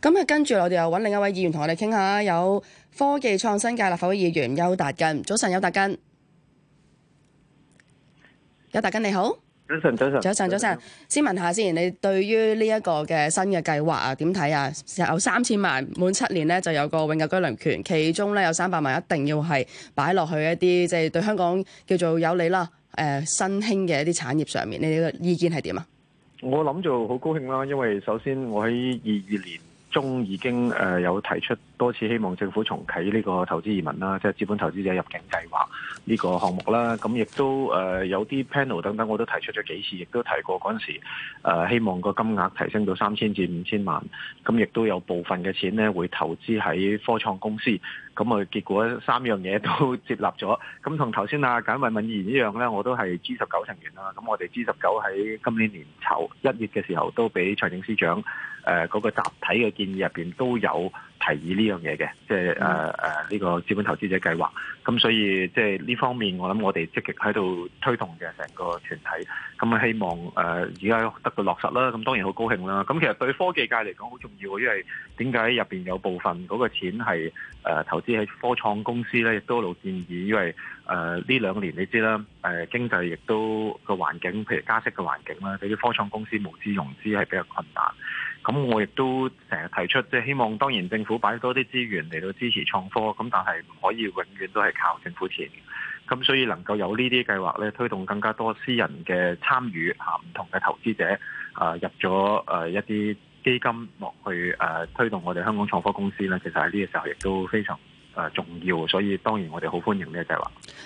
咁啊，跟住我哋又揾另一位議員同我哋傾下，有科技創新界立法會議員邱達根。早晨，邱達根，邱達根你好。早晨，早晨，早晨，早晨。先問下先，你對於呢一個嘅新嘅計劃啊，點睇啊？有三千萬滿七年咧，就有個永久居留權，其中咧有三百萬一定要係擺落去一啲即係對香港叫做有利啦。誒，新興嘅一啲產業上面，你嘅意見係點啊？我諗就好高興啦，因為首先我喺二二年中已經誒有提出多次，希望政府重啟呢個投資移民啦，即係資本投資者入境計劃。呢個項目啦，咁亦都誒有啲 panel 等等，我都提出咗幾次，亦都提過嗰陣時，誒、呃、希望個金額提升到三千至五千萬，咁亦都有部分嘅錢咧會投資喺科創公司，咁啊結果三樣嘢都接納咗，咁同頭先啊簡慧敏議員一樣咧，我都係 G 十九成員啦，咁我哋 G 十九喺今年年頭一月嘅時候都俾財政司長誒嗰，呃，那個集體嘅建議入邊都有提議呢樣嘢嘅，即係誒誒呢個資本投資者計劃，咁所以即係呢。方面，我諗我哋積極喺度推動嘅成個團體，咁啊希望誒而家得到落實啦，咁當然好高興啦。咁其實對科技界嚟講好重要，因為點解入邊有部分嗰個錢係、呃、投資喺科創公司咧，亦都一路建議，因為誒呢兩年你知啦，誒、呃、經濟亦都個環境，譬如加息嘅環境啦，俾啲科創公司無資融資係比較困難。咁我亦都成日提出，即係希望當然政府擺多啲資源嚟到支持創科，咁但係唔可以永遠都係靠政府錢。咁所以能夠有計劃呢啲計劃咧，推動更加多私人嘅參與嚇，唔同嘅投資者啊、呃、入咗誒一啲基金落去誒、呃，推動我哋香港創科公司咧，其實喺呢個時候亦都非常，誒，重要，所以當然我哋好歡迎呢個計劃。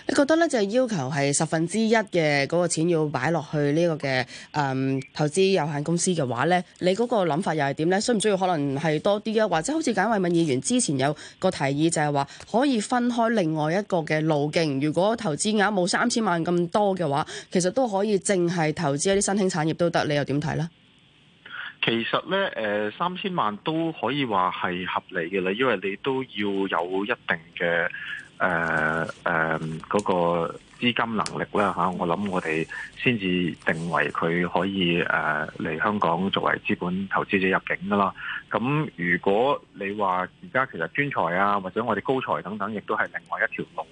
你覺得呢，就係、是、要求係十分之一嘅嗰個錢要擺落去呢個嘅誒、嗯、投資有限公司嘅話呢，你嗰個諗法又係點呢？需唔需要可能係多啲啊？或者好似簡慧敏議員之前有個提議就，就係話可以分開另外一個嘅路徑。如果投資額冇三千萬咁多嘅話，其實都可以淨係投資一啲新興產業都得。你又點睇呢？其實咧，誒、呃、三千萬都可以話係合理嘅啦，因為你都要有一定嘅誒誒嗰個資金能力啦嚇、啊。我諗我哋先至定為佢可以誒嚟、呃、香港作為資本投資者入境噶啦。咁如果你話而家其實專才啊或者我哋高才等等，亦都係另外一條路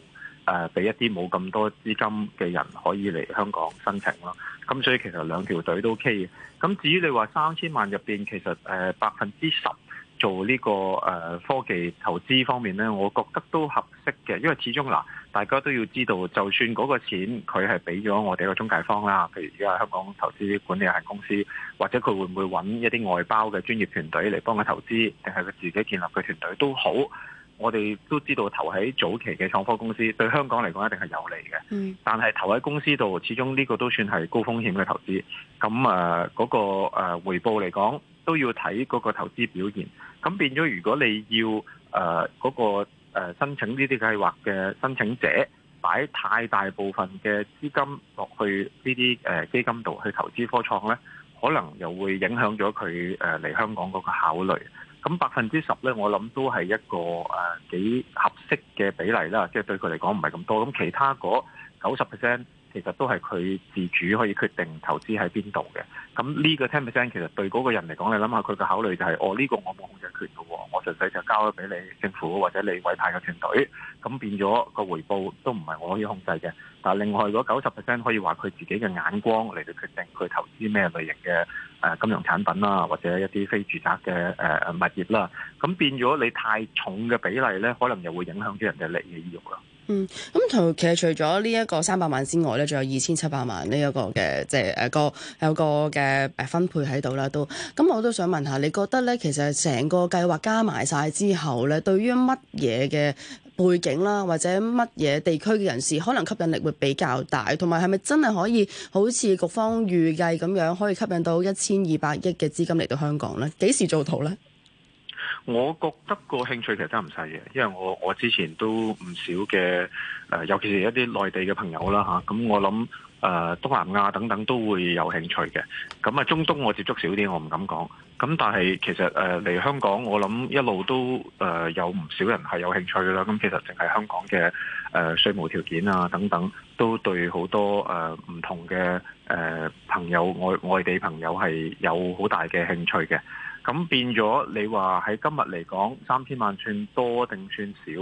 誒，俾、呃、一啲冇咁多資金嘅人可以嚟香港申請咯。咁所以其實兩條隊都 OK 嘅。咁至於你話三千萬入邊，其實誒百分之十做呢、呢個誒、呃、科技投資方面咧，我覺得都合適嘅，因為始終嗱、呃，大家都要知道，就算嗰個錢佢係俾咗我哋個中介方啦，譬如而家香港投資管理有限公司，或者佢會唔會揾一啲外包嘅專業團隊嚟幫佢投資定係佢自己建立嘅團隊都好。我哋都知道投喺早期嘅創科公司，對香港嚟講一定係有利嘅。但係投喺公司度，始終呢個都算係高風險嘅投資。咁啊，嗰、呃嗰個回報嚟講，都要睇嗰個投資表現。咁變咗，如果你要誒嗰、呃嗰個申請呢啲計劃嘅申請者，擺太大部分嘅資金落去呢啲誒基金度去投資科創呢，可能又會影響咗佢誒嚟香港嗰個考慮。咁百分之十呢，我諗都係一個誒、呃、幾合適嘅比例啦，即係對佢嚟講唔係咁多，咁其他嗰、那個。九十 percent 其實都係佢自主可以決定投資喺邊度嘅，咁呢個 ten percent 其實對嗰個人嚟講，你諗下佢嘅考慮就係，哦，我呢個我冇控制權嘅喎，我純粹就交咗俾你政府或者你委派嘅團隊，咁變咗個回報都唔係我可以控制嘅。但係另外嗰九十 percent 可以話佢自己嘅眼光嚟到決定佢投資咩類型嘅誒金融產品啦，或者一啲非住宅嘅誒物業啦，咁變咗你太重嘅比例咧，可能又會影響啲人嘅利益意欲啦。嗯，咁同其實除咗呢一個三百萬之外咧，仲有二千七百萬呢一個嘅即係誒個有個嘅分配喺度啦，都咁我都想問下，你覺得咧其實成個計劃加埋晒之後咧，對於乜嘢嘅背景啦，或者乜嘢地區嘅人士可能吸引力會比較大，同埋係咪真係可以好似局方預計咁樣，可以吸引到一千二百億嘅資金嚟到香港咧？幾時做圖咧？我覺得個興趣其實真係唔細嘅，因為我我之前都唔少嘅誒、呃，尤其是一啲內地嘅朋友啦嚇，咁、啊、我諗誒、呃、東南亞等等都會有興趣嘅。咁啊，中東我接觸少啲，我唔敢講。咁但係其實誒嚟、呃、香港，我諗一路都誒、呃、有唔少人係有興趣嘅啦。咁、啊、其實淨係香港嘅誒、呃、稅務條件啊等等，都對好多誒唔、呃、同嘅誒、呃、朋友外外地朋友係有好大嘅興趣嘅。咁變咗，你話喺今日嚟講，三千萬算多定算少？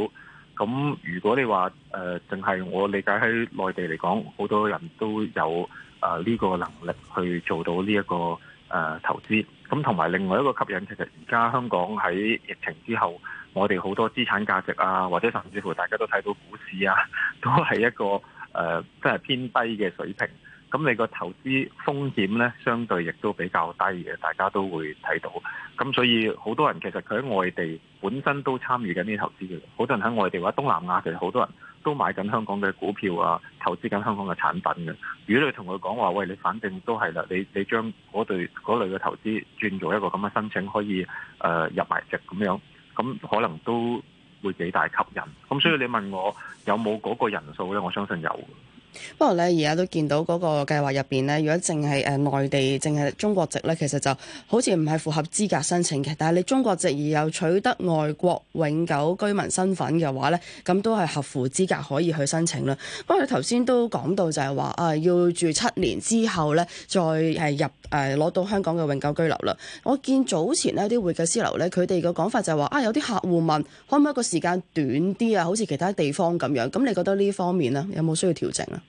咁如果你話誒，淨、呃、係我理解喺內地嚟講，好多人都有誒呢、呃這個能力去做到呢、這、一個誒、呃、投資。咁同埋另外一個吸引，其實而家香港喺疫情之後，我哋好多資產價值啊，或者甚至乎大家都睇到股市啊，都係一個誒、呃、真係偏低嘅水平。咁你個投資風險呢，相對亦都比較低嘅，大家都會睇到。咁所以好多人其實佢喺外地本身都參與緊啲投資嘅，好多人喺外地或者東南亞，其實好多人都買緊香港嘅股票啊，投資緊香港嘅產品嘅。如果你同佢講話，喂，你反正都係啦，你你將嗰對類嘅投資轉做一個咁嘅申請，可以誒、呃、入埋籍咁樣，咁可能都會幾大吸引。咁所以你問我有冇嗰個人數呢？我相信有。不過咧，而家都見到嗰個計劃入邊咧，如果淨係誒內地淨係中國籍咧，其實就好似唔係符合資格申請嘅。但係你中國籍而又取得外國永久居民身份嘅話咧，咁都係合乎資格可以去申請啦。不過你頭先都講到就係話啊，要住七年之後咧，再係入誒攞、啊、到香港嘅永久居留啦。我見早前呢啲會計師樓咧，佢哋嘅講法就係話啊，有啲客戶問可唔可以個時間短啲啊，好似其他地方咁樣。咁你覺得呢方面咧，有冇需要調整啊？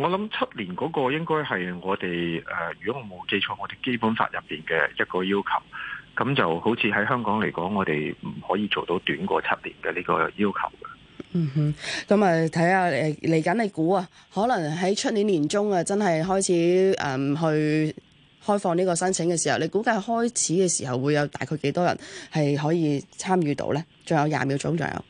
我諗七年嗰個應該係我哋誒、呃，如果我冇記錯，我哋基本法入邊嘅一個要求，咁就好似喺香港嚟講，我哋唔可以做到短過七年嘅呢個要求嘅。嗯哼，咁啊睇下嚟緊，你估啊，可能喺出年年中啊，真係開始誒、嗯、去開放呢個申請嘅時候，你估計開始嘅時候會有大概幾多人係可以參與到呢？仲有廿秒鐘左右。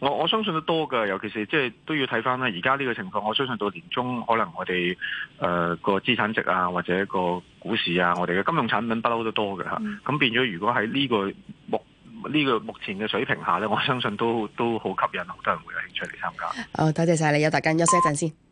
我我相信得多嘅，尤其是即係都要睇翻咧。而家呢個情況，我相信到年中可能我哋誒、呃、個資產值啊，或者個股市啊，我哋嘅金融產品不嬲都多嘅吓。咁、嗯、變咗，如果喺呢、個目呢、個目前嘅水平下咧，我相信都都好吸引，好多人會有興趣嚟參加。哦，多謝晒你，有大間休息一陣先。